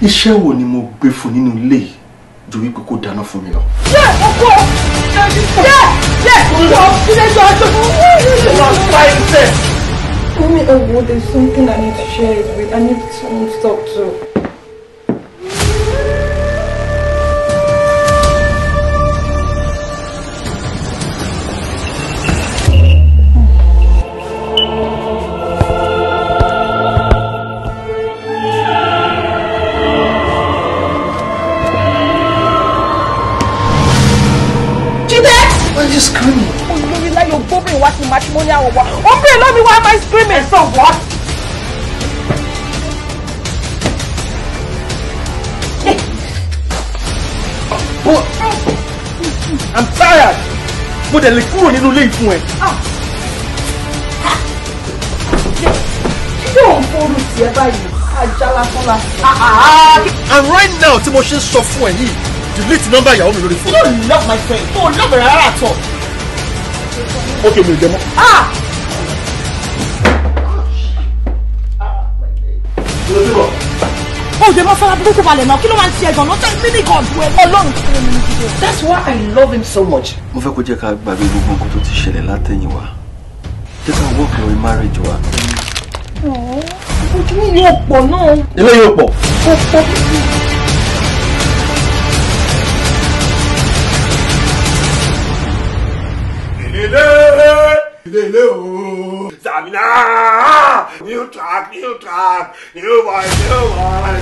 iṣẹ́ wo ni mo gbé fún nínú ilé yìí ju wípé kó dáná fún mi lọ. ṣé ọkọ ṣé ṣé ọkọ ṣe sọ ọjọ ṣe máa pa ẹsẹ. Mommy, oh, there's something I need to share it with. I need some stuff too. you screaming? Olórí láyò gómìnà wá sí matrimonial wọ̀ wá. Ó ń bèèrè lọ́mi why am I screaming? So what? I'm tired. Mo dẹ̀ lè kúrò nínú ilé ìfún ẹ. Ah. Yóò ń ború tiẹ̀ báyìí, ajá lásán lásán. Ah, ah, and right now tí mo ṣe ń sọ fún ẹ yìí delete number ìyàwó mi lórí fóònù. you love my friend o love her rárá àtọ. ok mi ò jẹ mọ́. òde mo fara burúkú balẹ̀ náà kí ló máa ń ṣe ẹ̀gàn lọ́tẹ̀ mini god wẹ̀ ọlọ́run kí ló ní jíjẹ. that's why i love him so much. mo fẹ́ kó jẹ́ ká gbàgbé gbogbo nǹkan tó ti ṣẹlẹ̀ látẹ̀yìnwá jẹ́ ká work your marriage wa. ojú mi yóò pọ̀ náà. ilé yóò pọ̀. ó pọ̀ bíbí. ilé ilé Samina new track new track new boy new boy.